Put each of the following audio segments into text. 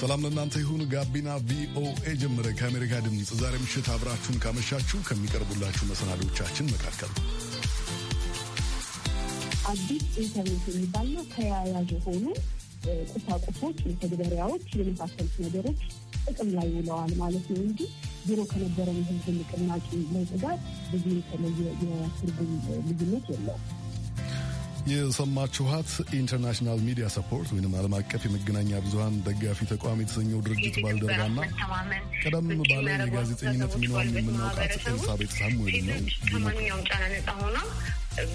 ሰላም ለእናንተ ይሁን። ጋቢና ቪኦኤ ጀመረ። ከአሜሪካ ድምፅ ዛሬ ምሽት አብራችሁን ካመሻችሁ ከሚቀርቡላችሁ መሰናዶቻችን መካከል አዲስ ኢንተርኔት የሚባል ተያያዥ የሆኑ ቁሳቁሶች፣ መተግበሪያዎች፣ የመሳሰሉት ነገሮች ጥቅም ላይ ውለዋል ማለት ነው እንጂ ቢሮ ከነበረ የህዝብ ንቅናቄ ለውጥ ጋር ብዙ የተለየ የትርጉም ልዩነት የለውም። የሰማችኋት ኢንተርናሽናል ሚዲያ ሰፖርት ወይም ዓለም አቀፍ የመገናኛ ብዙሃን ደጋፊ ተቋም የተሰኘው ድርጅት ባልደረባና ቀደም ባለ የጋዜጠኝነት ሚናዋን የምናውቃት ኤልሳቤጥ ሳሙኤል ነው። ማንኛውም ጫና ነጻ ሆና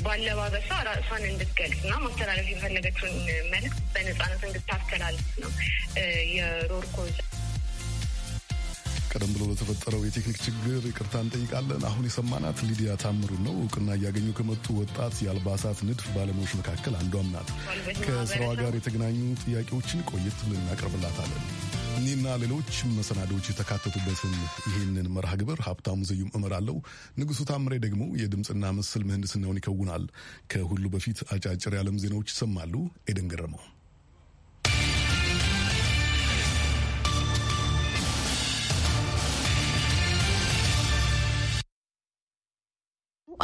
ባለባበሷ ራሷን እንድትገልጽና ማስተላለፍ የፈለገችውን መልዕክት በነጻነት እንድታስተላልፍ ነው የሮር ቀደም ብሎ ለተፈጠረው የቴክኒክ ችግር ይቅርታ እንጠይቃለን። አሁን የሰማናት ሊዲያ ታምሩ ነው። እውቅና እያገኙ ከመጡ ወጣት የአልባሳት ንድፍ ባለሙያዎች መካከል አንዷም ናት። ከስራዋ ጋር የተገናኙ ጥያቄዎችን ቆየት ልናቀርብላታለን። እኔና ሌሎች መሰናዶዎች የተካተቱበትን ይህንን መርሃ ግብር ሀብታሙ እመር እመራለሁ። ንጉሱ ታምሬ ደግሞ የድምፅና ምስል ምህንድስናውን ይከውናል። ከሁሉ በፊት አጫጭር የዓለም ዜናዎች ይሰማሉ። ኤደን ገረመው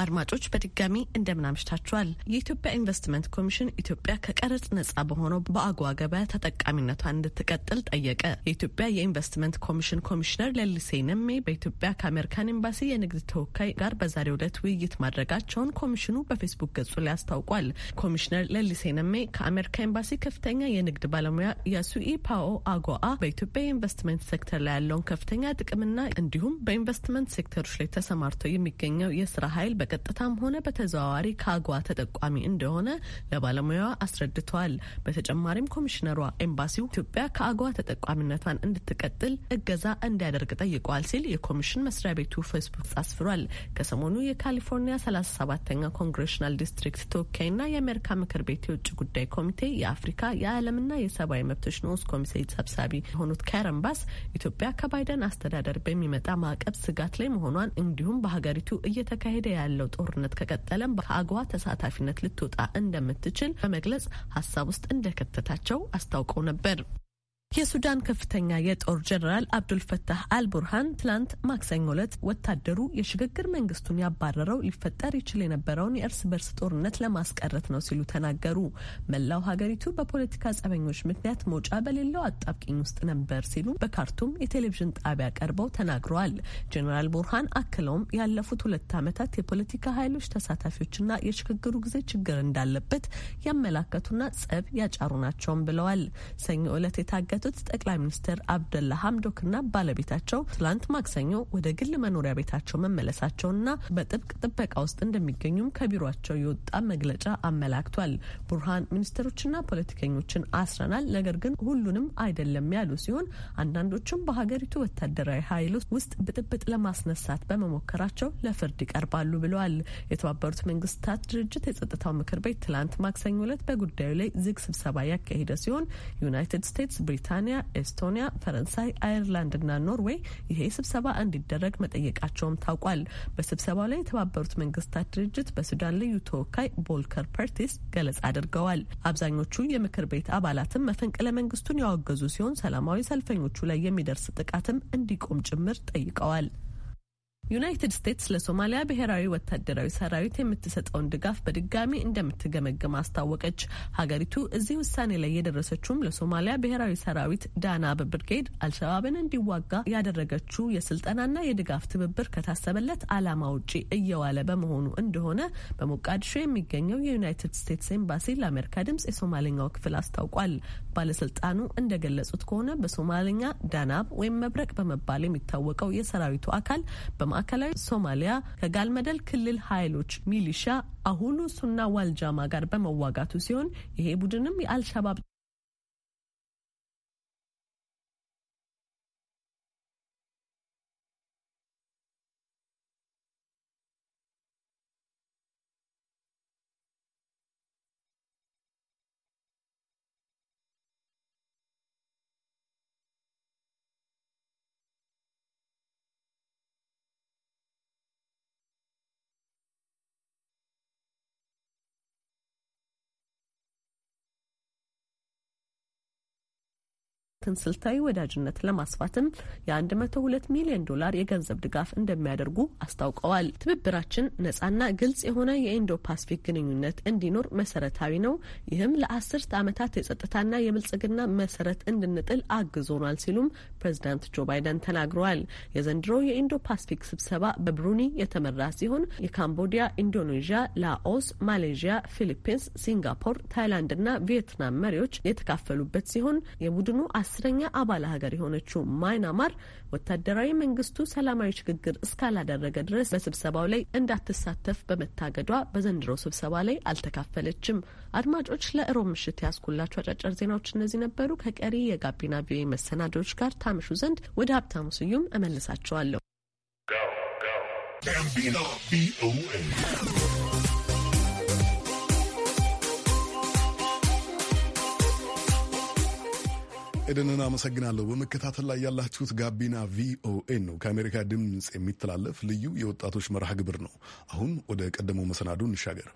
አድማጮች በድጋሚ እንደምናምሽታችኋል። የኢትዮጵያ ኢንቨስትመንት ኮሚሽን ኢትዮጵያ ከቀረጥ ነጻ በሆነው በአጓ ገበያ ተጠቃሚነቷን እንድትቀጥል ጠየቀ። የኢትዮጵያ የኢንቨስትመንት ኮሚሽን ኮሚሽነር ሌሊሴ ነሜ በኢትዮጵያ ከአሜሪካን ኤምባሲ የንግድ ተወካይ ጋር በዛሬው ዕለት ውይይት ማድረጋቸውን ኮሚሽኑ በፌስቡክ ገጹ ላይ አስታውቋል። ኮሚሽነር ሌሊሴ ነሜ ከአሜሪካ ኤምባሲ ከፍተኛ የንግድ ባለሙያ ያሱኢ ፓኦ አጓአ በኢትዮጵያ የኢንቨስትመንት ሴክተር ላይ ያለውን ከፍተኛ ጥቅምና እንዲሁም በኢንቨስትመንት ሴክተሮች ላይ ተሰማርተው የሚገኘው የስራ ኃይል በ በቀጥታም ሆነ በተዘዋዋሪ ካጓ ተጠቋሚ እንደሆነ ለባለሙያዋ አስረድተዋል። በተጨማሪም ኮሚሽነሯ ኤምባሲው ኢትዮጵያ ከአጓ ተጠቋሚነቷን እንድትቀጥል እገዛ እንዲያደርግ ጠይቋል ሲል የኮሚሽን መስሪያ ቤቱ ፌስቡክ አስፍሯል። ከሰሞኑ የካሊፎርኒያ 37ተኛ ኮንግሬሽናል ዲስትሪክት ተወካይና የአሜሪካ ምክር ቤት የውጭ ጉዳይ ኮሚቴ የአፍሪካ የዓለምና የሰብአዊ መብቶች ንዑስ ኮሚቴ ሰብሳቢ የሆኑት ካረን ባስ ኢትዮጵያ ከባይደን አስተዳደር በሚመጣ ማዕቀብ ስጋት ላይ መሆኗን እንዲሁም በሀገሪቱ እየተካሄደ ያለ ያለው ጦርነት ከቀጠለም ከአግዋ ተሳታፊነት ልትወጣ እንደምትችል በመግለጽ ሀሳብ ውስጥ እንደከተታቸው አስታውቀው ነበር። የሱዳን ከፍተኛ የጦር ጀኔራል አብዱልፈታህ አልቡርሃን ትላንት ማክሰኞ ዕለት ወታደሩ የሽግግር መንግስቱን ያባረረው ሊፈጠር ይችል የነበረውን የእርስ በርስ ጦርነት ለማስቀረት ነው ሲሉ ተናገሩ። መላው ሀገሪቱ በፖለቲካ ጸበኞች ምክንያት መውጫ በሌለው አጣብቂኝ ውስጥ ነበር ሲሉ በካርቱም የቴሌቪዥን ጣቢያ ቀርበው ተናግረዋል። ጀኔራል ቡርሃን አክለውም ያለፉት ሁለት ዓመታት የፖለቲካ ኃይሎች ተሳታፊዎችና የሽግግሩ ጊዜ ችግር እንዳለበት ያመላከቱና ጸብ ያጫሩ ናቸውም ብለዋል። ሰኞ ዕለት የታገ የተመለከቱት ጠቅላይ ሚኒስትር አብደላ ሀምዶክና ባለቤታቸው ትላንት ማክሰኞ ወደ ግል መኖሪያ ቤታቸው መመለሳቸውና በጥብቅ ጥበቃ ውስጥ እንደሚገኙም ከቢሮቸው የወጣ መግለጫ አመላክቷል። ቡርሃን ሚኒስትሮችና ፖለቲከኞችን አስረናል፣ ነገር ግን ሁሉንም አይደለም ያሉ ሲሆን አንዳንዶቹም በሀገሪቱ ወታደራዊ ኃይል ውስጥ ብጥብጥ ለማስነሳት በመሞከራቸው ለፍርድ ይቀርባሉ ብለዋል። የተባበሩት መንግስታት ድርጅት የጸጥታው ምክር ቤት ትላንት ማክሰኞ ዕለት በጉዳዩ ላይ ዝግ ስብሰባ ያካሄደ ሲሆን ዩናይትድ ስቴትስ፣ ብሪታ ብሪታንያ፣ ኤስቶኒያ፣ ፈረንሳይ፣ አይርላንድ እና ኖርዌይ ይሄ ስብሰባ እንዲደረግ መጠየቃቸውም ታውቋል። በስብሰባው ላይ የተባበሩት መንግስታት ድርጅት በሱዳን ልዩ ተወካይ ቦልከር ፐርቲስ ገለጻ አድርገዋል። አብዛኞቹ የምክር ቤት አባላትም መፈንቅለ መንግስቱን ያወገዙ ሲሆን ሰላማዊ ሰልፈኞቹ ላይ የሚደርስ ጥቃትም እንዲቆም ጭምር ጠይቀዋል። ዩናይትድ ስቴትስ ለሶማሊያ ብሔራዊ ወታደራዊ ሰራዊት የምትሰጠውን ድጋፍ በድጋሚ እንደምትገመግም አስታወቀች። ሀገሪቱ እዚህ ውሳኔ ላይ የደረሰችውም ለሶማሊያ ብሔራዊ ሰራዊት ዳናብ ብርጌድ አልሸባብን እንዲዋጋ ያደረገችው የስልጠናና የድጋፍ ትብብር ከታሰበለት ዓላማ ውጪ እየዋለ በመሆኑ እንደሆነ በሞቃዲሾ የሚገኘው የዩናይትድ ስቴትስ ኤምባሲ ለአሜሪካ ድምጽ የሶማሌኛው ክፍል አስታውቋል። ባለስልጣኑ እንደገለጹት ከሆነ በሶማሌኛ ዳናብ ወይም መብረቅ በመባል የሚታወቀው የሰራዊቱ አካል በማ ማዕከላዊ ሶማሊያ ከጋልመደል ክልል ኃይሎች ሚሊሻ አሁኑ ሱና ዋልጃማ ጋር በመዋጋቱ ሲሆን ይሄ ቡድንም የአልሸባብ ያላትን ስልታዊ ወዳጅነት ለማስፋትም የ102 ሚሊዮን ዶላር የገንዘብ ድጋፍ እንደሚያደርጉ አስታውቀዋል። ትብብራችን ነጻና ግልጽ የሆነ የኢንዶ ፓስፊክ ግንኙነት እንዲኖር መሰረታዊ ነው። ይህም ለአስርት ዓመታት የጸጥታና የብልጽግና መሰረት እንድንጥል አግዞናል ሲሉም ፕሬዚዳንት ጆ ባይደን ተናግረዋል። የዘንድሮ የኢንዶ ፓስፊክ ስብሰባ በብሩኒ የተመራ ሲሆን የካምቦዲያ፣ ኢንዶኔዥያ፣ ላኦስ፣ ማሌዥያ፣ ፊሊፒንስ፣ ሲንጋፖር፣ ታይላንድና ቪየትናም መሪዎች የተካፈሉበት ሲሆን የቡድኑ አስ አስረኛ አባል ሀገር የሆነችው ማይናማር ወታደራዊ መንግስቱ ሰላማዊ ሽግግር እስካላደረገ ድረስ በስብሰባው ላይ እንዳትሳተፍ በመታገዷ በዘንድሮ ስብሰባ ላይ አልተካፈለችም። አድማጮች ለእሮብ ምሽት ያስኩላቸው አጫጭር ዜናዎች እነዚህ ነበሩ። ከቀሪ የጋቢና ቪኦኤ መሰናዶዎች ጋር ታምሹ ዘንድ ወደ ሀብታሙ ስዩም እመልሳቸዋለሁ። ኤደንን አመሰግናለሁ። በመከታተል ላይ ያላችሁት ጋቢና ቪኦኤ ነው፣ ከአሜሪካ ድምፅ የሚተላለፍ ልዩ የወጣቶች መርሃ ግብር ነው። አሁን ወደ ቀደመው መሰናዱ እንሻገር።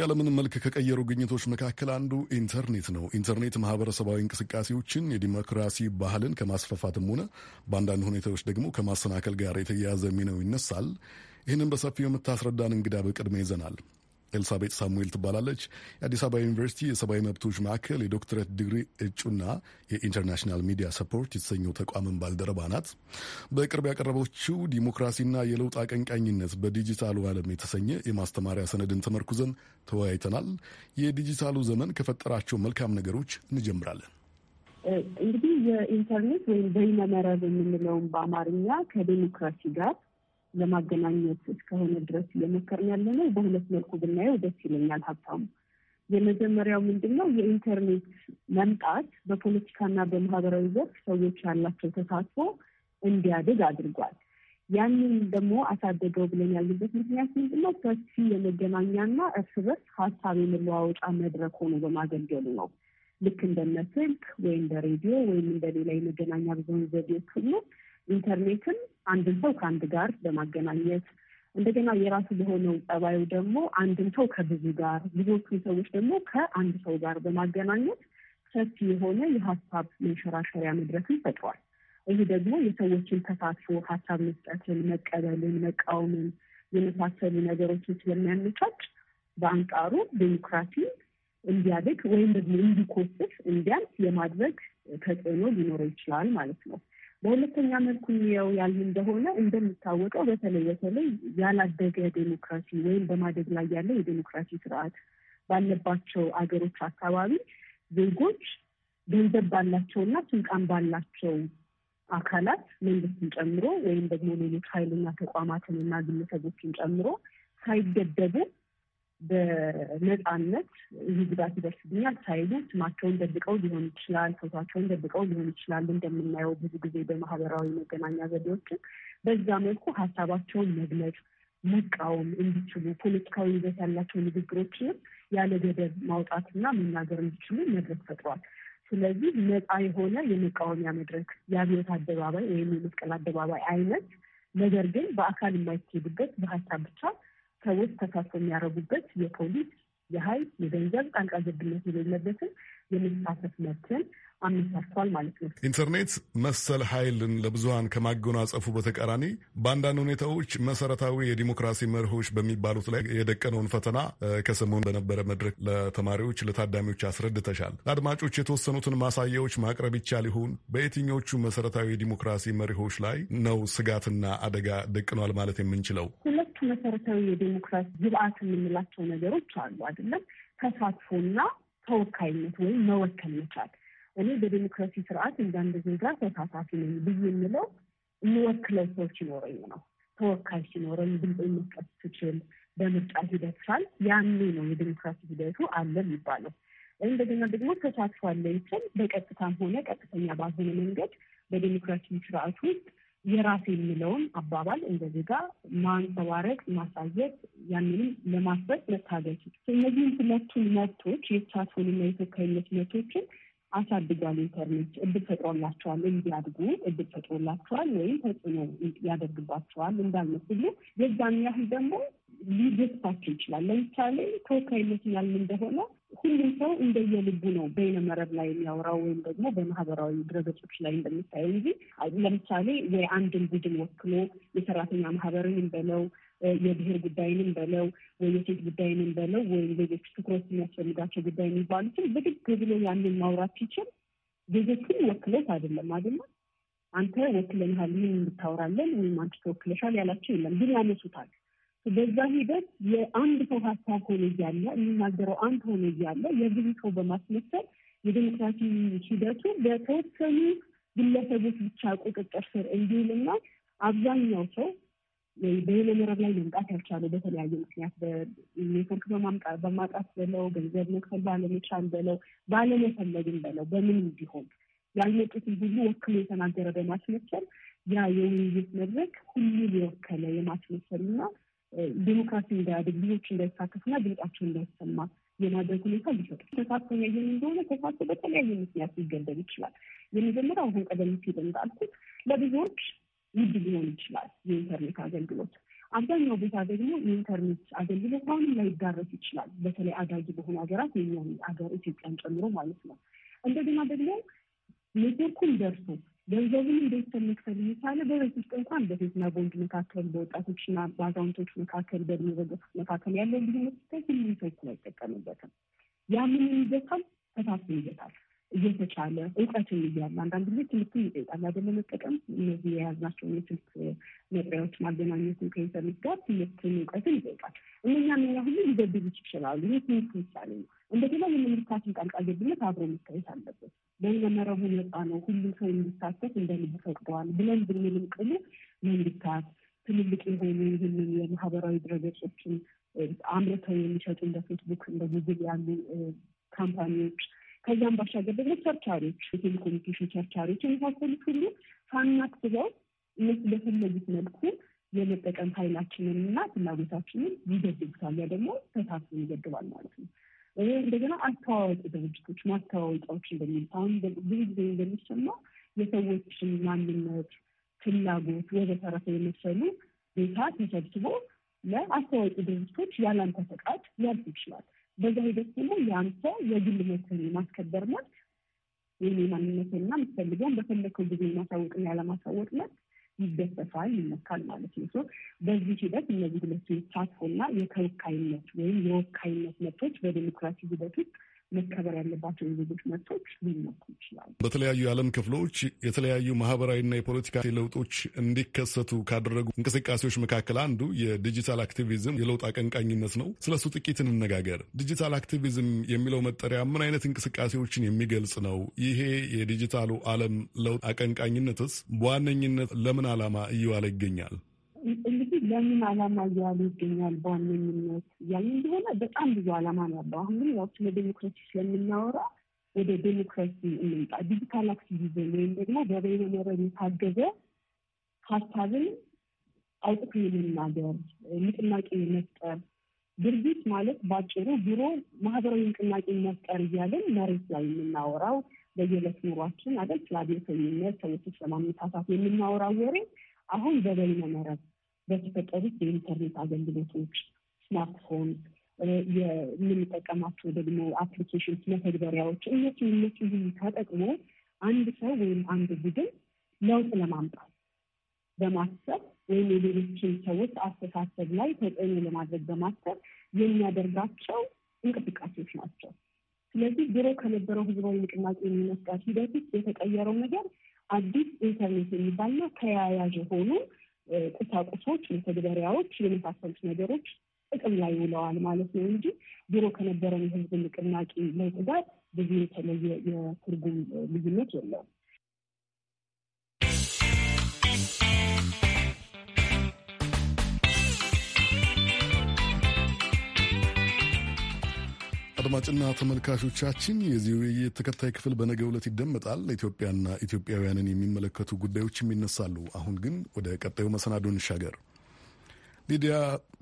ያለምን መልክ ከቀየሩ ግኝቶች መካከል አንዱ ኢንተርኔት ነው። ኢንተርኔት ማህበረሰባዊ እንቅስቃሴዎችን የዲሞክራሲ ባህልን ከማስፋፋትም ሆነ በአንዳንድ ሁኔታዎች ደግሞ ከማሰናከል ጋር የተያያዘ ሚናው ይነሳል። ይህንን በሰፊው የምታስረዳን እንግዳ በቅድሜ ይዘናል። ኤልሳቤጥ ሳሙኤል ትባላለች። የአዲስ አበባ ዩኒቨርሲቲ የሰብአዊ መብቶች ማዕከል የዶክትሬት ዲግሪ እጩና የኢንተርናሽናል ሚዲያ ሰፖርት የተሰኘው ተቋምን ባልደረባ ናት። በቅርብ ያቀረበችው ዲሞክራሲና የለውጥ አቀንቃኝነት በዲጂታሉ ዓለም የተሰኘ የማስተማሪያ ሰነድን ተመርኩዘን ተወያይተናል። የዲጂታሉ ዘመን ከፈጠራቸው መልካም ነገሮች እንጀምራለን። እንግዲህ የኢንተርኔት ወይም በይነመረብ የምንለውን በአማርኛ ከዲሞክራሲ ጋር ለማገናኘት እስከሆነ ድረስ እየሞከርን ያለ ነው። በሁለት መልኩ ብናየው ደስ ይለኛል ሀብታሙ። የመጀመሪያው ምንድን ነው? የኢንተርኔት መምጣት በፖለቲካና በማህበራዊ ዘርፍ ሰዎች ያላቸው ተሳትፎ እንዲያድግ አድርጓል። ያንን ደግሞ አሳደገው ብለን ያሉበት ምክንያት ምንድን ነው? ሰፊ የመገናኛና እርስ በርስ ሀሳብ የመለዋወጫ መድረክ ሆኖ በማገልገሉ ነው። ልክ እንደ ስልክ ወይ ወይም እንደሌላ የመገናኛ ብዙኃን ዘዴዎች ሁሉ ኢንተርኔትን አንድን ሰው ከአንድ ጋር በማገናኘት እንደገና የራሱ በሆነው ጠባዩ ደግሞ አንድን ሰው ከብዙ ጋር ብዙዎቹን ሰዎች ደግሞ ከአንድ ሰው ጋር በማገናኘት ሰፊ የሆነ የሀሳብ መንሸራሸሪያ መድረክን ፈጥሯል። ይህ ደግሞ የሰዎችን ተሳትፎ፣ ሀሳብ መስጠትን፣ መቀበልን፣ መቃወምን የመሳሰሉ ነገሮችን ስለሚያመቻች በአንጻሩ ዴሞክራሲ እንዲያድግ ወይም ደግሞ እንዲኮስፍ፣ እንዲያንስ የማድረግ ተጽዕኖ ሊኖረው ይችላል ማለት ነው። በሁለተኛ መልኩ እንየው ያል እንደሆነ እንደሚታወቀው በተለይ በተለይ ያላደገ ዴሞክራሲ ወይም በማደግ ላይ ያለ የዴሞክራሲ ስርዓት ባለባቸው አገሮች አካባቢ ዜጎች ገንዘብ ባላቸውና ስልጣን ባላቸው አካላት መንግስትን ጨምሮ ወይም ደግሞ ሌሎች ኃይልና ተቋማትን እና ግለሰቦችን ጨምሮ ሳይገደቡ በነፃነት ይህ ጉዳት ይደርስብኛል ሳይሉ ስማቸውን ደብቀው ሊሆን ይችላል፣ ፎቷቸውን ደብቀው ሊሆን ይችላል። እንደምናየው ብዙ ጊዜ በማህበራዊ መገናኛ ዘዴዎችን በዛ መልኩ ሀሳባቸውን መግለጽ መቃወም እንዲችሉ ፖለቲካዊ ይዘት ያላቸው ንግግሮችንም ያለ ገደብ ማውጣትና መናገር እንዲችሉ መድረክ ፈጥሯል። ስለዚህ ነፃ የሆነ የመቃወሚያ መድረክ የአብዮት አደባባይ ወይም የመስቀል አደባባይ አይነት ነገር ግን በአካል የማይካሄድበት በሀሳብ ብቻ ሰዎች ተሳትፎ የሚያደርጉበት የፖሊስ የኃይል የገንዘብ ጣልቃ ገብነት የሌለበትን የመሳተፍ መብትን አመቻችቷል ማለት ነው። ኢንተርኔት መሰል ኃይልን ለብዙሀን ከማጎናጸፉ በተቃራኒ በአንዳንድ ሁኔታዎች መሰረታዊ የዲሞክራሲ መርሆች በሚባሉት ላይ የደቀነውን ፈተና ከሰሞን በነበረ መድረክ ለተማሪዎች ለታዳሚዎች አስረድተሻል። ለአድማጮች የተወሰኑትን ማሳያዎች ማቅረብ ይቻል ይሆን? በየትኞቹ መሰረታዊ የዲሞክራሲ መርሆች ላይ ነው ስጋትና አደጋ ደቅኗል ማለት የምንችለው? ሁለት ሁለቱ መሰረታዊ የዴሞክራሲ ግብአት የምንላቸው ነገሮች አሉ አይደለም? ተሳትፎና ተወካይነት ወይም መወከል መቻል። እኔ በዴሞክራሲ ስርዓት እንዳንድ ዜጋ ተሳታፊ ነኝ ብዬ የምለው የምወክለው ሰው ሲኖረኝ ነው። ተወካይ ሲኖረኝ፣ ድምፅ መስጠት ስችል፣ በምርጫ ሂደት ሳል ያኔ ነው የዴሞክራሲ ሂደቱ አለ የሚባለው። እንደገና ደግሞ ተሳትፎ አለ ይችል በቀጥታም ሆነ ቀጥተኛ ባልሆነ መንገድ በዴሞክራሲ ስርዓት ውስጥ የራሴ የሚለውን አባባል እንደዚህ ጋር ማንጸባረቅ፣ ማሳየት፣ ያንንም ለማስበት መታገል እነዚህም ሁለቱን መብቶች የተሳትፎንና የተወካይነት መብቶችን አሳድጓል። ኢንተርኔት እድል ፈጥሮላቸዋል፣ እንዲያድጉ እድል ፈጥሮላቸዋል ወይም ተጽዕኖ ያደርግባቸዋል እንዳልመስሉ የዛን ያህል ደግሞ ሊገዝፋቸው ይችላል። ለምሳሌ ተወካይነት ያልን እንደሆነ ሁሉም ሰው እንደየልቡ ነው በይነ መረብ ላይ የሚያወራው ወይም ደግሞ በማህበራዊ ድረገጾች ላይ እንደምታየው እንጂ ለምሳሌ የአንድን ቡድን ወክሎ የሰራተኛ ማህበርንም በለው የብሔር ጉዳይንም በለው ወይ የሴት ጉዳይንም በለው ወይም ሌሎች ትኩረት የሚያስፈልጋቸው ጉዳይ የሚባሉትን በግድ ብሎ ያንን ማውራት ሲችል ዜጎችን ወክሎት አይደለም አይደለ አንተ ወክለንሃል ምን እንታወራለን ወይም አንቺ ተወክለሻል ያላቸው የለም ግን ያነሱታል በዛ ሂደት የአንድ ሰው ሀሳብ ሆነ እያለ የሚናገረው አንድ ሆነ እያለ የብዙ ሰው በማስመሰል የዴሞክራሲ ሂደቱ በተወሰኑ ግለሰቦች ብቻ ቁጥጥር ስር እንዲውልና አብዛኛው ሰው በየነ መረብ ላይ መምጣት ያልቻለው በተለያየ ምክንያት ኔትወርክ በማጣት በለው ገንዘብ መክፈል ባለመቻል በለው ባለመፈለግም በለው በምንም ቢሆን ያልመጡትን ብዙ ወክሎ የተናገረ በማስመሰል ያ የውይይት መድረክ ሁሉ የወከለ የማስመሰል እና ዲሞክራሲ እንዳያድግ ልጆች እንዳይሳተፉና ድምጻቸው እንዳይሰማ የማድረግ ሁኔታ ሊፈጥ ተሳትፎ ያየን እንደሆነ ተሳትፎ በተለያየ ምክንያት ሊገደብ ይችላል። የመጀመሪያው አሁን ቀደም ሲል እንዳልኩት ለብዙዎች ውድ ሊሆን ይችላል የኢንተርኔት አገልግሎት። አብዛኛው ቦታ ደግሞ የኢንተርኔት አገልግሎት አሁንም ላይዳረስ ይችላል። በተለይ አዳጊ በሆኑ ሀገራት የኛን ሀገር ኢትዮጵያን ጨምሮ ማለት ነው። እንደገና ደግሞ ኔትወርኩም ደርሶ ገንዘቡን እንዴት ተመክፈል የቻለ በቤት ውስጥ እንኳን በሴትና በወንድ መካከል በወጣቶችና በአዛውንቶች መካከል በእድሜ መካከል ያለው ልዩነት ስታይ ሁሉም ሰው አይጠቀምበትም። ያምን ይገታል፣ ተሳስቦ ይገታል፣ እየተቻለ እውቀትን እያለ አንዳንድ ጊዜ ትምህርት ይጠይቃል አይደለ? መጠቀም እነዚህ የያዝናቸውን የስልክ መጥሪያዎች ማገናኘትን ከኢንተርኔት ጋር ትምህርትን እውቀትን ይጠይቃል። እነኛ ምኛ ሁሉ ሊገድሉች ይችላሉ። ይህ ትምህርት ምሳሌ ነው። እንደገና የመንግስታትን ጣልቃ ገብነት አብሮ መታየት አለበት። በይነመረቡ ነፃ ነው፣ ሁሉም ሰው የሚሳተፍ እንደ ልብ ፈቅደዋል ብለን ብንልም ቅሉ መንግስታት ትልልቅ የሆኑ ይህንን የማህበራዊ ድረገጾችን አምርተው የሚሸጡ እንደ ፌስቡክ እንደ ጉግል ያሉ ካምፓኒዎች ከዚያም ባሻገር ደግሞ ቸርቻሪዎች፣ የቴሌኮሙኒኬሽን ቸርቻሪዎች የመሳሰሉት ሁሉ ሳናስበው እነሱ በፈለጉት መልኩ የመጠቀም ኃይላችንን እና ፍላጎታችንን ይገድቡታል። ያ ደግሞ ተሳትፎን ይገድባል ማለት ነው። እንደገና አስተዋዋቂ ድርጅቶች ማስተዋወቂያዎች እንደሚል አሁን ብዙ ጊዜ እንደሚሰማ የሰዎችን ማንነት፣ ፍላጎት ወዘተረፈ የመሰሉ ቤታ ተሰብስቦ ለአስተዋወቂ ድርጅቶች ያላንተ ፈቃድ ሊያልፍ ይችላል። በዛ ሂደት ደግሞ የአንተ የግል መትን ማስከበር መብት የኔ ማንነትና የምትፈልገውን በፈለግከው ጊዜ የማሳወቅና ያለማሳወቅ መብት ይደሰታል፣ ይመካል ማለት ነው። በዚህ ሂደት እነዚህ ሁለቱ የተሳትፎና የተወካይነት ወይም የወካይነት መብቶች በዲሞክራሲ ሂደት ውስጥ መከበር ያለባቸው የዜጎች መብቶች ሊነኩ ይችላል። በተለያዩ የዓለም ክፍሎች የተለያዩ ማህበራዊና የፖለቲካ ለውጦች እንዲከሰቱ ካደረጉ እንቅስቃሴዎች መካከል አንዱ የዲጂታል አክቲቪዝም የለውጥ አቀንቃኝነት ነው። ስለሱ ጥቂት እንነጋገር። ዲጂታል አክቲቪዝም የሚለው መጠሪያ ምን አይነት እንቅስቃሴዎችን የሚገልጽ ነው? ይሄ የዲጂታሉ ዓለም ለውጥ አቀንቃኝነትስ በዋነኝነት ለምን ዓላማ እየዋለ ይገኛል? እንግዲህ ለምን አላማ እያሉ ይገኛል በዋነኝነት እያሉ እንደሆነ በጣም ብዙ አላማ ነው ያለው። አሁን ግን ያው ስለ ዴሞክራሲ ስለምናወራ ወደ ዴሞክራሲ እንምጣ። ዲጂታል አክቲቪዝም ወይም ደግሞ በበይነ መረብ የታገዘ ሀሳብን አውጥቶ የመናገር ንቅናቄ መፍጠር ድርጊት ማለት ባጭሩ ቢሮ ማህበራዊ ንቅናቄ መፍጠር እያለን መሬት ላይ የምናወራው በየዕለት ኑሯችን አደል ስለ ብሔርተኝነት ሰዎች ስለማመሳሳት የምናወራው ወሬ አሁን በበይነ መረብ በተፈጠሩት የኢንተርኔት አገልግሎቶች ስማርትፎን የምንጠቀማቸው ደግሞ አፕሊኬሽን መተግበሪያዎች እነሱ እነሱ ተጠቅሞ አንድ ሰው ወይም አንድ ቡድን ለውጥ ለማምጣት በማሰብ ወይም የሌሎችን ሰዎች አስተሳሰብ ላይ ተጽዕኖ ለማድረግ በማሰብ የሚያደርጋቸው እንቅስቃሴዎች ናቸው። ስለዚህ ድሮ ከነበረው ህዝባዊ ንቅናቄ የሚመስጋት ሂደት ውስጥ የተቀየረው ነገር አዲስ ኢንተርኔት የሚባልና ተያያዥ የሆኑ ቁሳቁሶች፣ መተግበሪያዎች የመሳሰሉት ነገሮች ጥቅም ላይ ውለዋል ማለት ነው እንጂ ድሮ ከነበረን የህዝብ ንቅናቄ ለውጥ ጋር ብዙ የተለየ የትርጉም ልዩነት የለውም። አድማጭና ተመልካቾቻችን የዚህ ውይይት ተከታይ ክፍል በነገ ዕለት ይደመጣል። ኢትዮጵያና ኢትዮጵያውያንን የሚመለከቱ ጉዳዮችም ይነሳሉ። አሁን ግን ወደ ቀጣዩ መሰናዶ እንሻገር። ሊዲያ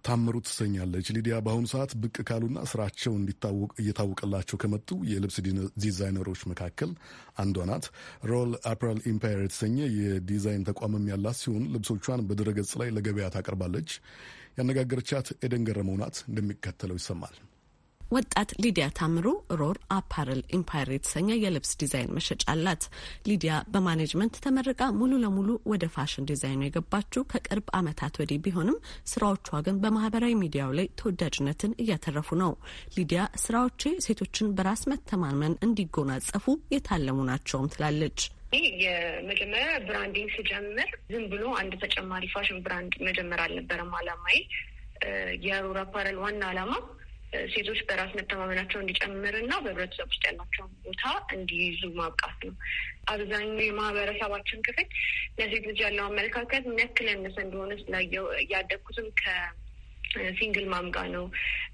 ታምሩ ትሰኛለች። ሊዲያ በአሁኑ ሰዓት ብቅ ካሉና ስራቸው እየታወቀላቸው ከመጡ የልብስ ዲዛይነሮች መካከል አንዷ ናት። ሮል አፕራል ኢምፓየር የተሰኘ የዲዛይን ተቋምም ያላት ሲሆን ልብሶቿን በድረገጽ ላይ ለገበያ ታቀርባለች። ያነጋገረቻት ኤደን ገረመው ናት። እንደሚከተለው ይሰማል። ወጣት ሊዲያ ታምሩ ሮር አፓረል ኢምፓየር የተሰኘ የልብስ ዲዛይን መሸጫ አላት። ሊዲያ በማኔጅመንት ተመርቃ ሙሉ ለሙሉ ወደ ፋሽን ዲዛይኑ የገባችው ከቅርብ ዓመታት ወዲህ ቢሆንም ስራዎቿ ግን በማህበራዊ ሚዲያው ላይ ተወዳጅነትን እያተረፉ ነው። ሊዲያ ስራዎቼ ሴቶችን በራስ መተማመን እንዲጎናጸፉ የታለሙ ናቸውም ትላለች። የመጀመሪያ ብራንዲንግ ስጀምር ዝም ብሎ አንድ ተጨማሪ ፋሽን ብራንድ መጀመር አልነበረም አላማዬ የሮር አፓረል ዋና አላማ ሴቶች በራስ መተማመናቸው እንዲጨምር እንዲጨምርና በህብረተሰብ ውስጥ ያላቸውን ቦታ እንዲይዙ ማብቃት ነው። አብዛኛው የማህበረሰባችን ክፍል ለሴት ልጅ ያለው አመለካከት ነክ ያነሰ እንደሆነ ስላየው እያደግኩትም ከ- ሲንግል ማምጋ ነው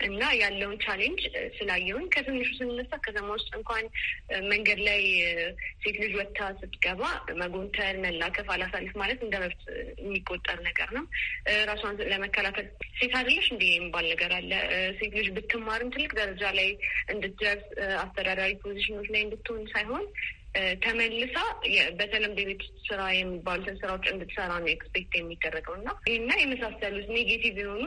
እና ያለውን ቻሌንጅ ስላየውን ከትንሹ ስንነሳ ከተማ ውስጥ እንኳን መንገድ ላይ ሴት ልጅ ወታ ስትገባ መጎንተል፣ መላከፍ፣ አላሳልፍ ማለት እንደ መብት የሚቆጠር ነገር ነው። ራሷን ለመከላከል ሴት አይደለሽ እንዲ የሚባል ነገር አለ። ሴት ልጅ ብትማርም ትልቅ ደረጃ ላይ እንድትደርስ አስተዳዳሪ ፖዚሽኖች ላይ እንድትሆን ሳይሆን ተመልሳ በተለምዶ የቤት ውስጥ ስራ የሚባሉትን ስራዎች እንድትሰራ ነው ኤክስፔክት የሚደረገው እና ይህና የመሳሰሉት ኔጌቲቭ የሆኑ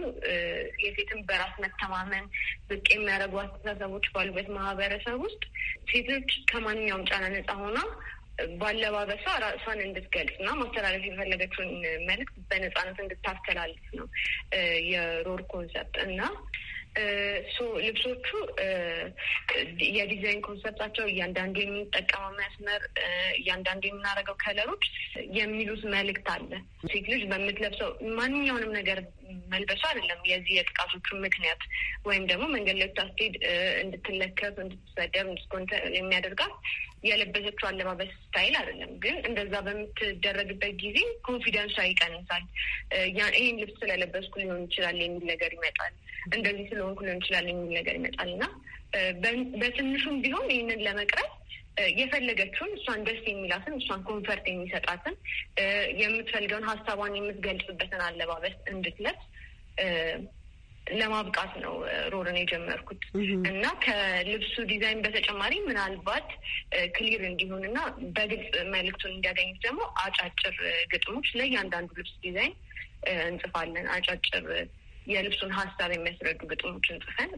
የሴትን በራስ መተማመን ብቅ የሚያደርጉ አስተሳሰቦች ባሉበት ማህበረሰብ ውስጥ ሴቶች ከማንኛውም ጫና ነጻ ሆና ባለባበሷ ራሷን እንድትገልጽ እና ማስተላለፍ የፈለገችውን መልዕክት በነጻነት እንድታስተላልፍ ነው የሮር ኮንሰፕት እና ልብሶቹ የዲዛይን ኮንሰፕታቸው እያንዳንዱ የምንጠቀመው መስመር፣ እያንዳንዱ የምናደርገው ከለሮች የሚሉት መልእክት አለ። ሴት ልጅ በምትለብሰው ማንኛውንም ነገር መልበሱ አይደለም የዚህ የጥቃቶቹ ምክንያት ወይም ደግሞ መንገድ ላይ ብታስኬድ እንድትለከፍ፣ እንድትሰደብ፣ እንድትኮንተ የሚያደርጋት የለበሰችው አለባበስ ስታይል አይደለም። ግን እንደዛ በምትደረግበት ጊዜ ኮንፊደንሷ ይቀንሳል። ይህን ልብስ ስለለበስኩ ሊሆን ይችላል የሚል ነገር ይመጣል። እንደዚህ ስለሆንኩ ሊሆን ይችላል የሚል ነገር ይመጣል እና በትንሹም ቢሆን ይህንን ለመቅረብ የፈለገችውን እሷን ደስ የሚላትን እሷን ኮንፈርት የሚሰጣትን የምትፈልገውን ሀሳቧን የምትገልጽበትን አለባበስ እንድትለብስ ለማብቃት ነው ሮርን የጀመርኩት እና ከልብሱ ዲዛይን በተጨማሪ ምናልባት ክሊር እንዲሆን እና በግልጽ መልእክቱን እንዲያገኙት ደግሞ አጫጭር ግጥሞች ለእያንዳንዱ ልብስ ዲዛይን እንጽፋለን። አጫጭር የልብሱን ሀሳብ የሚያስረዱ ግጥሞችን ጽፈን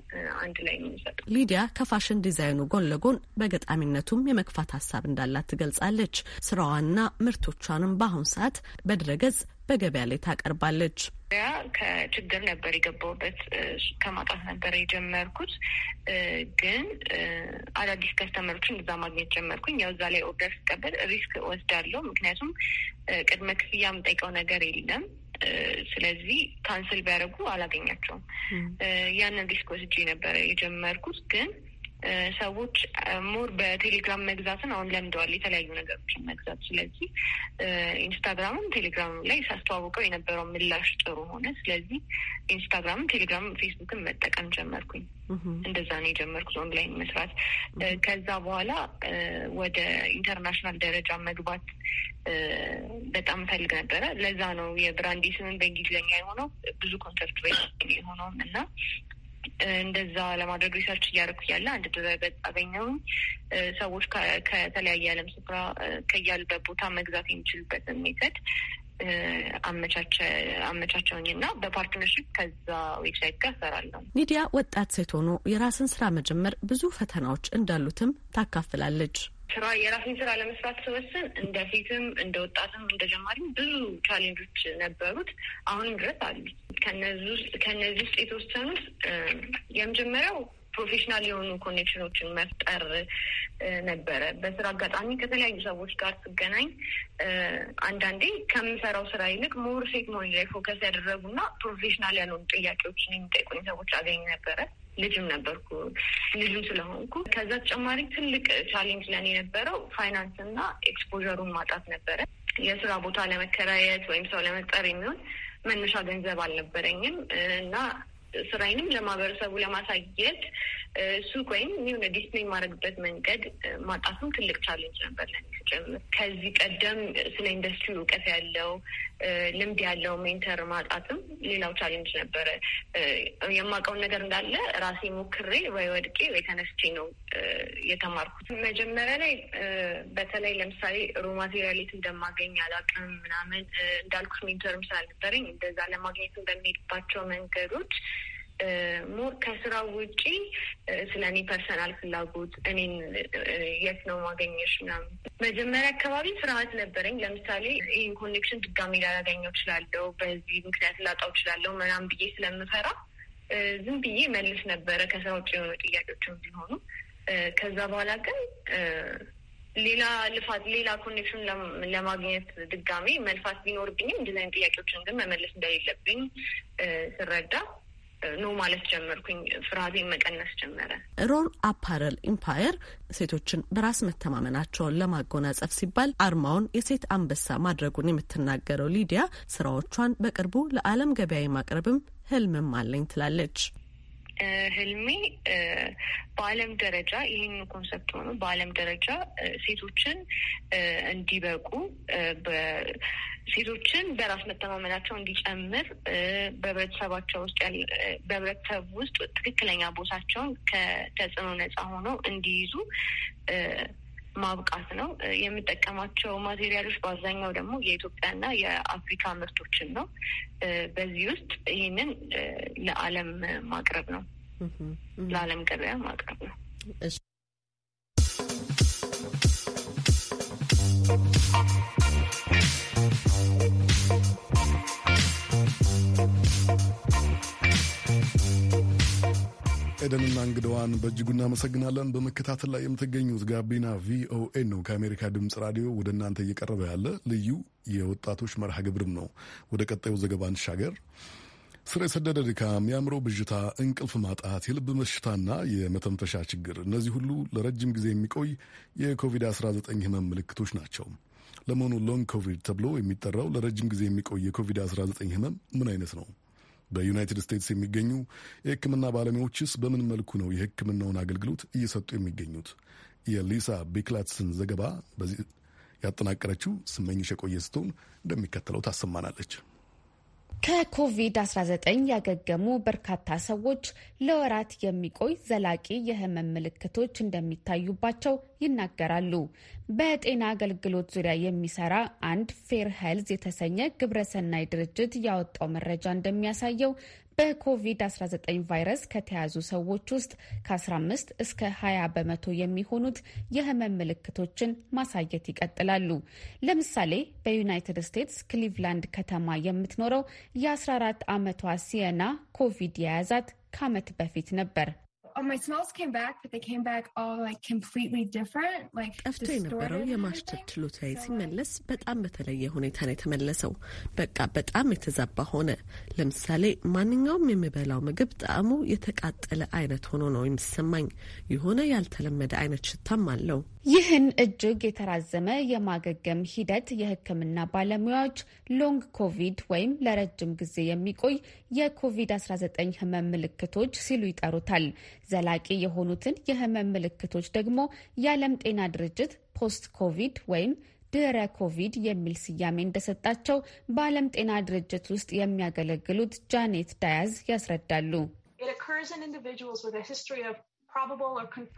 አንድ ላይ ነው የሚሰጡ። ሊዲያ ከፋሽን ዲዛይኑ ጎን ለጎን በገጣሚነቱም የመግፋት ሀሳብ እንዳላት ትገልጻለች። ስራዋና ምርቶቿንም በአሁን ሰዓት በድረገጽ በገበያ ላይ ታቀርባለች። ያ ከችግር ነበር የገባሁበት ከማጣት ነበር የጀመርኩት፣ ግን አዳዲስ ከስተመሮችን እዛ ማግኘት ጀመርኩኝ። ያው እዛ ላይ ኦርደር ስቀበል ሪስክ ወስዳለሁ፣ ምክንያቱም ቅድመ ክፍያ የምጠይቀው ነገር የለም ስለዚህ ካንስል ቢያደርጉ አላገኛቸውም። ያንን ሪስክ ወስጄ ነበረ የጀመርኩት ግን ሰዎች ሞር በቴሌግራም መግዛትን አሁን ለምደዋል፣ የተለያዩ ነገሮችን መግዛት። ስለዚህ ኢንስታግራምም ቴሌግራም ላይ ሳስተዋውቀው የነበረው ምላሽ ጥሩ ሆነ። ስለዚህ ኢንስታግራምም፣ ቴሌግራምም ፌስቡክን መጠቀም ጀመርኩኝ። እንደዛ ነው የጀመርኩት ኦንላይን መስራት። ከዛ በኋላ ወደ ኢንተርናሽናል ደረጃ መግባት በጣም ፈልግ ነበረ። ለዛ ነው የብራንዴ ስምን በእንግሊዝኛ የሆነው ብዙ ኮንሰርት የሆነውም እና እንደዛ ለማድረግ ሪሰርች እያደረኩ እያለ አንድ ድረገጽ አገኘሁኝ። ሰዎች ከተለያየ ዓለም ስፍራ ከያሉበት ቦታ መግዛት የሚችሉበትን ሜተድ አመቻቸውኝ እና በፓርትነርሽፕ ከዛ ዌብሳይት ጋር እሰራለሁ። ሚዲያ ወጣት ሴት ሆኖ የራስን ስራ መጀመር ብዙ ፈተናዎች እንዳሉትም ታካፍላለች። ስራ የራሴን ስራ ለመስራት ስወስን እንደ ፊትም እንደ ወጣትም እንደ ጀማሪም ብዙ ቻሌንጆች ነበሩት፣ አሁንም ድረስ አሉ። ከነዚህ ውስጥ የተወሰኑት የመጀመሪያው ፕሮፌሽናል የሆኑ ኮኔክሽኖችን መፍጠር ነበረ። በስራ አጋጣሚ ከተለያዩ ሰዎች ጋር ስገናኝ አንዳንዴ ከምሰራው ስራ ይልቅ ሞር ሴት ሞኒ ላይ ፎከስ ያደረጉና ፕሮፌሽናል ያልሆኑ ጥያቄዎችን የሚጠይቁኝ ሰዎች አገኝ ነበረ። ልጅም ነበርኩ ልጅም ስለሆንኩ። ከዛ ተጨማሪ ትልቅ ቻሌንጅ ለኔ የነበረው ፋይናንስ እና ኤክስፖዠሩን ማጣት ነበረ። የስራ ቦታ ለመከራየት ወይም ሰው ለመቅጠር የሚሆን መነሻ ገንዘብ አልነበረኝም እና ስራዬንም ለማህበረሰቡ ለማሳየት ሱቅ ወይም የሆነ ዲስፕሌይ የማደርግበት መንገድ ማጣቱም ትልቅ ቻሌንጅ ነበር ለሚጀምር። ከዚህ ቀደም ስለ ኢንዱስትሪ እውቀት ያለው ልምድ ያለው ሜንተር ማጣትም ሌላው ቻሌንጅ ነበረ። የማውቀውን ነገር እንዳለ ራሴ ሞክሬ ወይ ወድቄ ወይ ተነስቼ ነው የተማርኩት። መጀመሪያ ላይ በተለይ ለምሳሌ ሮማቴሪያሊት እንደማገኝ አላቅም ምናምን እንዳልኩሽ ሜንተርም ስላልነበረኝ እንደዛ ለማግኘት በሚሄድባቸው መንገዶች ሞር ከስራ ውጪ ስለ እኔ ፐርሰናል ፍላጎት እኔን የት ነው ማገኘሽ ምናምን። መጀመሪያ አካባቢ ፍርሃት ነበረኝ። ለምሳሌ ይህን ኮኔክሽን ድጋሜ ላላገኘው እችላለሁ፣ በዚህ ምክንያት ላጣው እችላለሁ ምናምን ብዬ ስለምፈራ ዝም ብዬ መልስ ነበረ ከስራ ውጭ የሆኑ ጥያቄዎችም ቢሆኑ ከዛ በኋላ ግን ሌላ ልፋት ሌላ ኮኔክሽን ለማግኘት ድጋሜ መልፋት ቢኖርብኝም እንደዚህ አይነት ጥያቄዎችን ግን መመለስ እንደሌለብኝ ስረዳ ኖ ማለት ጀመርኩኝ። ፍርሃቴን መቀነስ ጀመረ። ሮል አፓረል ኢምፓየር ሴቶችን በራስ መተማመናቸውን ለማጎናጸፍ ሲባል አርማውን የሴት አንበሳ ማድረጉን የምትናገረው ሊዲያ ስራዎቿን በቅርቡ ለዓለም ገበያ የማቅረብም ህልምም አለኝ ትላለች። ህልሜ በዓለም ደረጃ ይህን ኮንሰፕት ሆኖ በዓለም ደረጃ ሴቶችን እንዲበቁ ሴቶችን በራስ መተማመናቸው እንዲጨምር በህብረተሰባቸው ውስጥ በህብረተሰብ ውስጥ ትክክለኛ ቦታቸውን ከተጽዕኖ ነጻ ሆነው እንዲይዙ ማብቃት ነው። የምጠቀማቸው ማቴሪያሎች በአብዛኛው ደግሞ የኢትዮጵያና የአፍሪካ ምርቶችን ነው። በዚህ ውስጥ ይህንን ለዓለም ማቅረብ ነው፣ ለዓለም ገበያ ማቅረብ ነው። Thank you. ኤደንና እንግዳዋን በእጅጉ እናመሰግናለን። በመከታተል ላይ የምትገኙት ጋቢና ቪኦኤ ነው። ከአሜሪካ ድምፅ ራዲዮ ወደ እናንተ እየቀረበ ያለ ልዩ የወጣቶች መርሃ ግብርም ነው። ወደ ቀጣዩ ዘገባ እንሻገር። ስር የሰደደ ድካም፣ የአእምሮ ብዥታ፣ እንቅልፍ ማጣት፣ የልብ በሽታና የመተንፈሻ ችግር፣ እነዚህ ሁሉ ለረጅም ጊዜ የሚቆይ የኮቪድ-19 ህመም ምልክቶች ናቸው። ለመሆኑ ሎንግ ኮቪድ ተብሎ የሚጠራው ለረጅም ጊዜ የሚቆይ የኮቪድ-19 ህመም ምን አይነት ነው? በዩናይትድ ስቴትስ የሚገኙ የሕክምና ባለሙያዎችስ በምን መልኩ ነው የሕክምናውን አገልግሎት እየሰጡ የሚገኙት? የሊሳ ቢክላትስን ዘገባ በዚህ ያጠናቀረችው ስመኝሽ የቆየ ስትሆን እንደሚከተለው ታሰማናለች። ከኮቪድ-19 ያገገሙ በርካታ ሰዎች ለወራት የሚቆይ ዘላቂ የህመም ምልክቶች እንደሚታዩባቸው ይናገራሉ። በጤና አገልግሎት ዙሪያ የሚሰራ አንድ ፌር ሄልዝ የተሰኘ ግብረሰናይ ድርጅት ያወጣው መረጃ እንደሚያሳየው በኮቪድ-19 ቫይረስ ከተያዙ ሰዎች ውስጥ ከ15 እስከ 20 በመቶ የሚሆኑት የህመም ምልክቶችን ማሳየት ይቀጥላሉ። ለምሳሌ በዩናይትድ ስቴትስ ክሊቭላንድ ከተማ የምትኖረው የ14 ዓመቷ ሲየና ኮቪድ የያዛት ከዓመት በፊት ነበር። Oh, my smells came back, but they came back all like completely different. Like ጠፍቶ የነበረው የማሽተት ችሎታዬ ሲመለስ በጣም በተለየ ሁኔታ ነው የተመለሰው። በቃ በጣም የተዛባ ሆነ። ለምሳሌ ማንኛውም የሚበላው ምግብ ጣዕሙ የተቃጠለ አይነት ሆኖ ነው የሚሰማኝ። የሆነ ያልተለመደ አይነት ሽታም አለው። ይህን እጅግ የተራዘመ የማገገም ሂደት የሕክምና ባለሙያዎች ሎንግ ኮቪድ ወይም ለረጅም ጊዜ የሚቆይ የኮቪድ-19 ህመም ምልክቶች ሲሉ ይጠሩታል። ዘላቂ የሆኑትን የህመም ምልክቶች ደግሞ የዓለም ጤና ድርጅት ፖስት ኮቪድ ወይም ድህረ ኮቪድ የሚል ስያሜ እንደሰጣቸው በዓለም ጤና ድርጅት ውስጥ የሚያገለግሉት ጃኔት ዳያዝ ያስረዳሉ።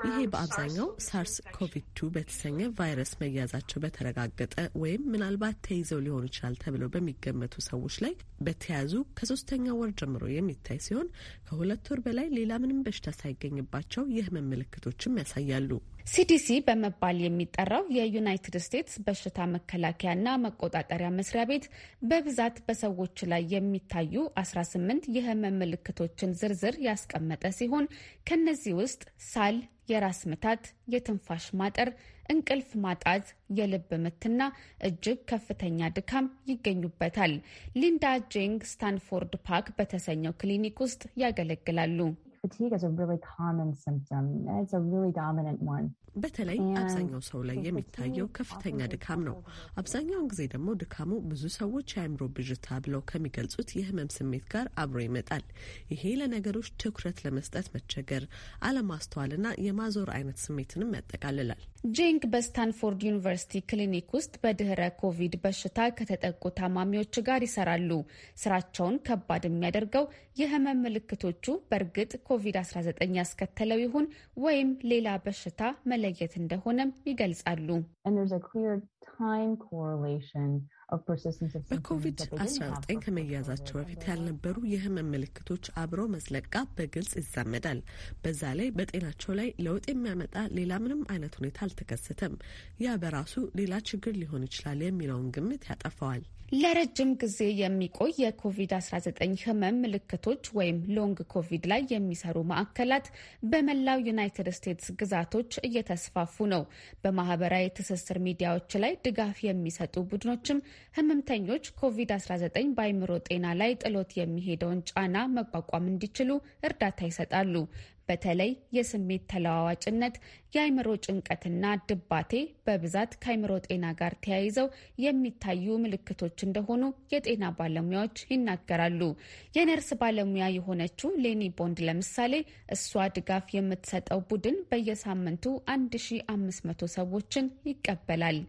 ይሄ በአብዛኛው ሳርስ ኮቪድ ቱ በተሰኘ ቫይረስ መያዛቸው በተረጋገጠ ወይም ምናልባት ተይዘው ሊሆን ይችላል ተብለው በሚገመቱ ሰዎች ላይ በተያዙ ከሶስተኛ ወር ጀምሮ የሚታይ ሲሆን ከሁለት ወር በላይ ሌላ ምንም በሽታ ሳይገኝባቸው የህመም ምልክቶችም ያሳያሉ። ሲዲሲ በመባል የሚጠራው የዩናይትድ ስቴትስ በሽታ መከላከያና መቆጣጠሪያ መስሪያ ቤት በብዛት በሰዎች ላይ የሚታዩ 18 የህመም ምልክቶችን ዝርዝር ያስቀመጠ ሲሆን ከነዚህ ውስጥ ሳል፣ የራስ ምታት፣ የትንፋሽ ማጠር፣ እንቅልፍ ማጣት፣ የልብ ምትና እጅግ ከፍተኛ ድካም ይገኙበታል። ሊንዳ ጄንግ ስታንፎርድ ፓክ በተሰኘው ክሊኒክ ውስጥ ያገለግላሉ። በተለይ አብዛኛው ሰው ላይ የሚታየው ከፍተኛ ድካም ነው። አብዛኛውን ጊዜ ደግሞ ድካሙ ብዙ ሰዎች የአእምሮ ብዥታ ብለው ከሚገልጹት የህመም ስሜት ጋር አብሮ ይመጣል። ይሄ ለነገሮች ትኩረት ለመስጠት መቸገር፣ አለማስተዋልና የማዞር አይነት ስሜትንም ያጠቃልላል። ጄንግ በስታንፎርድ ዩኒቨርሲቲ ክሊኒክ ውስጥ በድህረ ኮቪድ በሽታ ከተጠቁ ታማሚዎች ጋር ይሰራሉ። ስራቸውን ከባድ የሚያደርገው የህመም ምልክቶቹ በእርግጥ ኮቪድ-19 ያስከተለው ይሁን ወይም ሌላ በሽታ መለየት እንደሆነም ይገልጻሉ። በኮቪድ-19 ከመያዛቸው በፊት ያልነበሩ የህመም ምልክቶች አብረው መዝለቃ በግልጽ ይዛመዳል። በዛ ላይ በጤናቸው ላይ ለውጥ የሚያመጣ ሌላ ምንም አይነት ሁኔታ አልተከሰተም። ያ በራሱ ሌላ ችግር ሊሆን ይችላል የሚለውን ግምት ያጠፋዋል። ለረጅም ጊዜ የሚቆይ የኮቪድ-19 ህመም ምልክቶች ወይም ሎንግ ኮቪድ ላይ የሚሰሩ ማዕከላት በመላው ዩናይትድ ስቴትስ ግዛቶች እየተስፋፉ ነው። በማህበራዊ ትስስር ሚዲያዎች ላይ ድጋፍ የሚሰጡ ቡድኖችም ህመምተኞች ኮቪድ-19 በአይምሮ ጤና ላይ ጥሎት የሚሄደውን ጫና መቋቋም እንዲችሉ እርዳታ ይሰጣሉ። በተለይ የስሜት ተለዋዋጭነት፣ የአይምሮ ጭንቀትና ድባቴ በብዛት ከአይምሮ ጤና ጋር ተያይዘው የሚታዩ ምልክቶች እንደሆኑ የጤና ባለሙያዎች ይናገራሉ። የነርስ ባለሙያ የሆነችው ሌኒ ቦንድ ለምሳሌ እሷ ድጋፍ የምትሰጠው ቡድን በየሳምንቱ 1500 ሰዎችን ይቀበላል።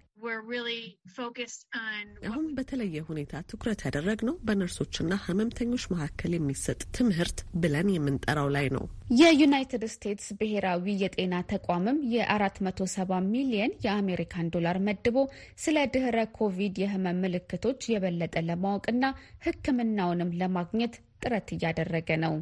አሁን በተለየ ሁኔታ ትኩረት ያደረግነው በነርሶችና ህመምተኞች መካከል የሚሰጥ ትምህርት ብለን የምንጠራው ላይ ነው። የዩናይትድ ስቴትስ ብሔራዊ የጤና ተቋምም የ470 ሚሊየን የአሜሪካን ዶላር መድቦ ስለ ድህረ ኮቪድ የህመም ምልክቶች የበለጠ ለማወቅና ህክምናውንም ለማግኘት ጥረት እያደረገ ነው።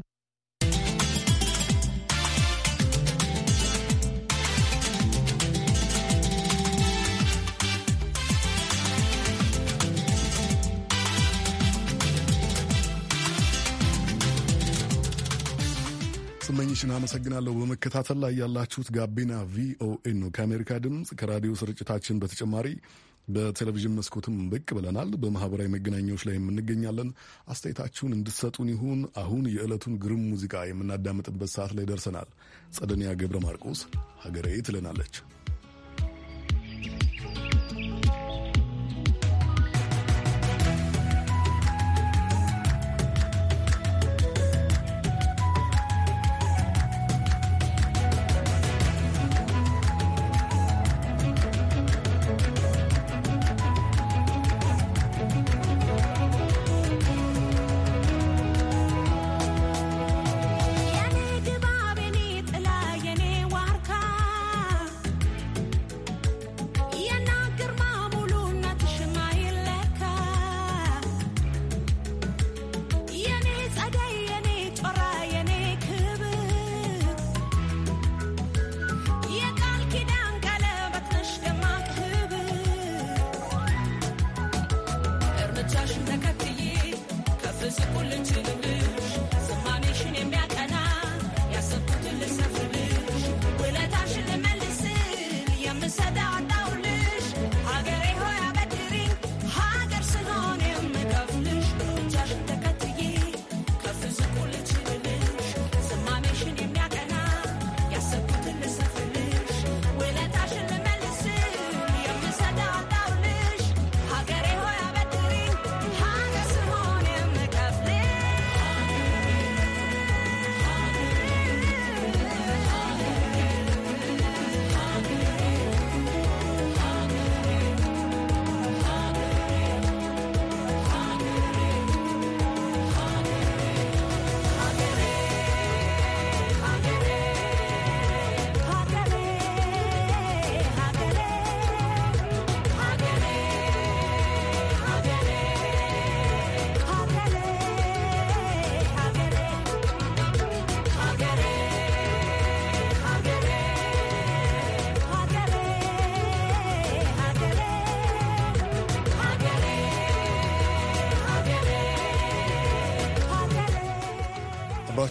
ስመኝሽን አመሰግናለሁ። በመከታተል ላይ ያላችሁት ጋቢና ቪኦኤ ነው ከአሜሪካ ድምፅ ከራዲዮ ስርጭታችን በተጨማሪ በቴሌቪዥን መስኮትም ብቅ ብለናል። በማህበራዊ መገናኛዎች ላይ የምንገኛለን። አስተያየታችሁን እንድትሰጡን ይሁን። አሁን የዕለቱን ግሩም ሙዚቃ የምናዳምጥበት ሰዓት ላይ ደርሰናል። ጸደንያ ገብረ ማርቆስ ሀገሬ ትለናለች።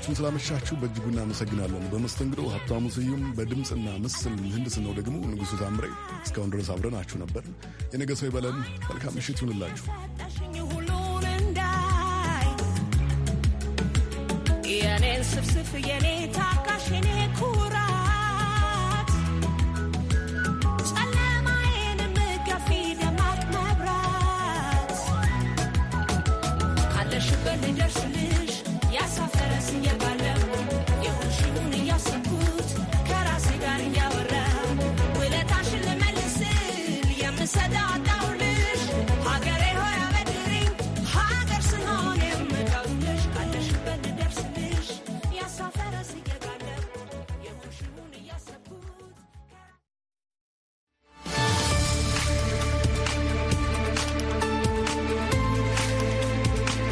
አብራችሁን ስላመሻችሁ በእጅጉ እናመሰግናለን። በመስተንግዶ ሀብታሙ ስዩም፣ በድምፅና ምስል ምህንድስናው ደግሞ ንጉሱ ታምሬ። እስካሁን ድረስ አብረናችሁ ነበር። የነገ ሰው ይበለን። መልካም ምሽት ይሁንላችሁ። የኔን ስፍስፍ የኔ ታካሽ የኔ ኩራት ጨለማዬን ምገፊ ደማቅ መብራት ካለሽበት ya, embargo,